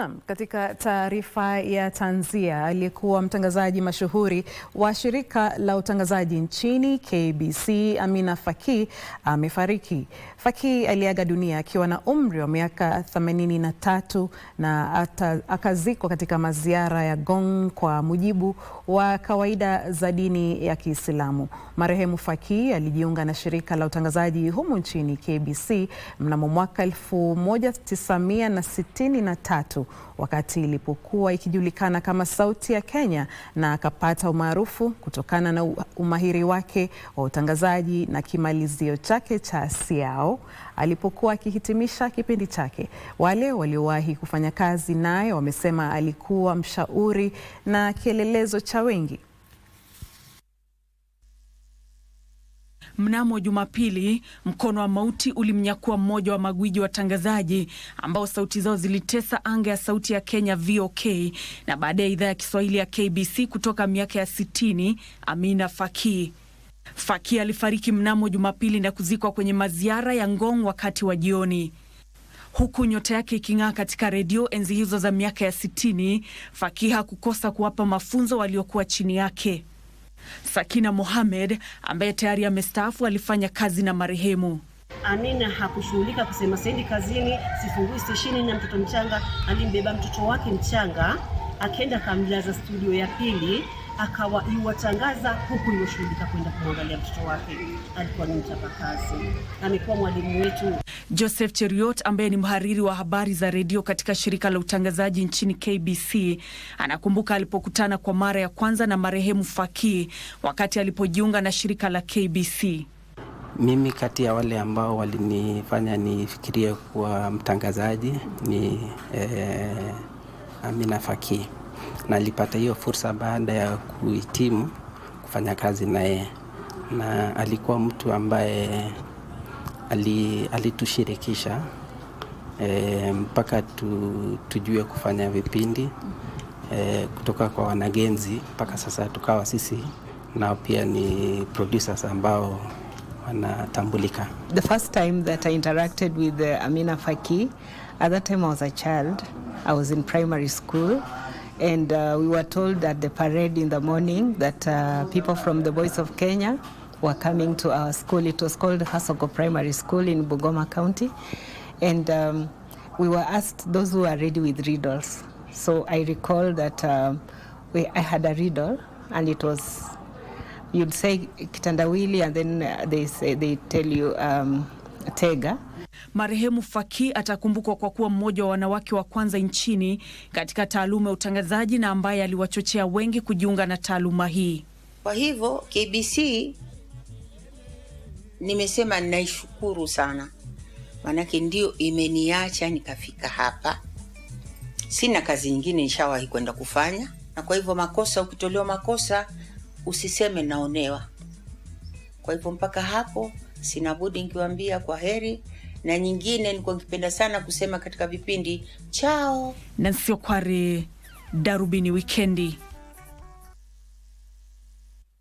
Naam, katika taarifa ya tanzia, aliyekuwa mtangazaji mashuhuri wa shirika la utangazaji nchini KBC, Amina faki amefariki. faki aliaga dunia akiwa na umri wa miaka 83 na ata, akazikwa katika maziara ya gong kwa mujibu wa kawaida za dini ya Kiislamu. Marehemu Faki alijiunga na shirika la utangazaji humu nchini KBC mnamo mwaka 1963 wakati ilipokuwa ikijulikana kama Sauti ya Kenya na akapata umaarufu kutokana na umahiri wake wa utangazaji na kimalizio chake cha Siao alipokuwa akihitimisha kipindi chake. Wale waliowahi kufanya kazi naye wamesema alikuwa mshauri na kielelezo cha wengi Mnamo Jumapili, mkono wa mauti ulimnyakua mmoja wa magwiji watangazaji ambao sauti zao zilitesa anga ya sauti ya Kenya VOK na baadaye idhaa ya Kiswahili ya KBC kutoka miaka ya 60, Amina faki faki alifariki mnamo Jumapili na kuzikwa kwenye maziara ya Ngong wakati wa jioni. Huku nyota yake iking'aa katika redio enzi hizo za miaka ya 60, faki hakukosa kuwapa mafunzo waliokuwa chini yake. Sakina Mohamed ambaye tayari amestaafu alifanya kazi na marehemu. Amina hakushughulika kusema sendi kazini, sifungui stesheni na mtoto mchanga. Alimbeba mtoto wake mchanga akaenda akamlaza studio ya pili, akawa yuwatangaza huku yuwashughulika kwenda kumwangalia mtoto wake. Alikuwa ni mchapakazi, amekuwa mwalimu wetu. Joseph Cheriot ambaye ni mhariri wa habari za redio katika shirika la utangazaji nchini KBC anakumbuka alipokutana kwa mara ya kwanza na marehemu Faki wakati alipojiunga na shirika la KBC. Mimi kati ya wale ambao walinifanya nifikirie kuwa mtangazaji ni eh, Amina Faki, na alipata hiyo fursa baada ya kuhitimu kufanya kazi na yeye, na alikuwa mtu ambaye alitushirikisha e, mpaka tu, tujue kufanya vipindi e, kutoka kwa wanagenzi mpaka sasa tukawa sisi nao pia ni producers ambao wanatambulika. The first time that I interacted with uh, Amina Faki, at that time I was a child. I was in primary school. And uh, we were told at the parade in the morning that uh, people from the Voice of Kenya were coming to our school. It was called Hasoko Primary School in Bugoma County. And um, we were asked those who are ready with riddles. So I recall that um, we, I had a riddle and it was, you'd say kitandawili and then uh, they, say, they tell you um, tega. Marehemu Faki atakumbukwa kwa kuwa mmoja wa wanawake wa kwanza nchini katika taaluma ya utangazaji na ambaye aliwachochea wengi kujiunga na taaluma hii. Kwa hivyo KBC nimesema naishukuru sana, maanake ndio imeniacha nikafika hapa. Sina kazi nyingine nishawahi kwenda kufanya, na kwa hivyo makosa, ukitolewa makosa usiseme naonewa. Kwa hivyo mpaka hapo sina budi nikiwaambia kwa heri na nyingine nilikuwa nikipenda sana kusema katika vipindi chao. sio kwari Darubini Wikendi.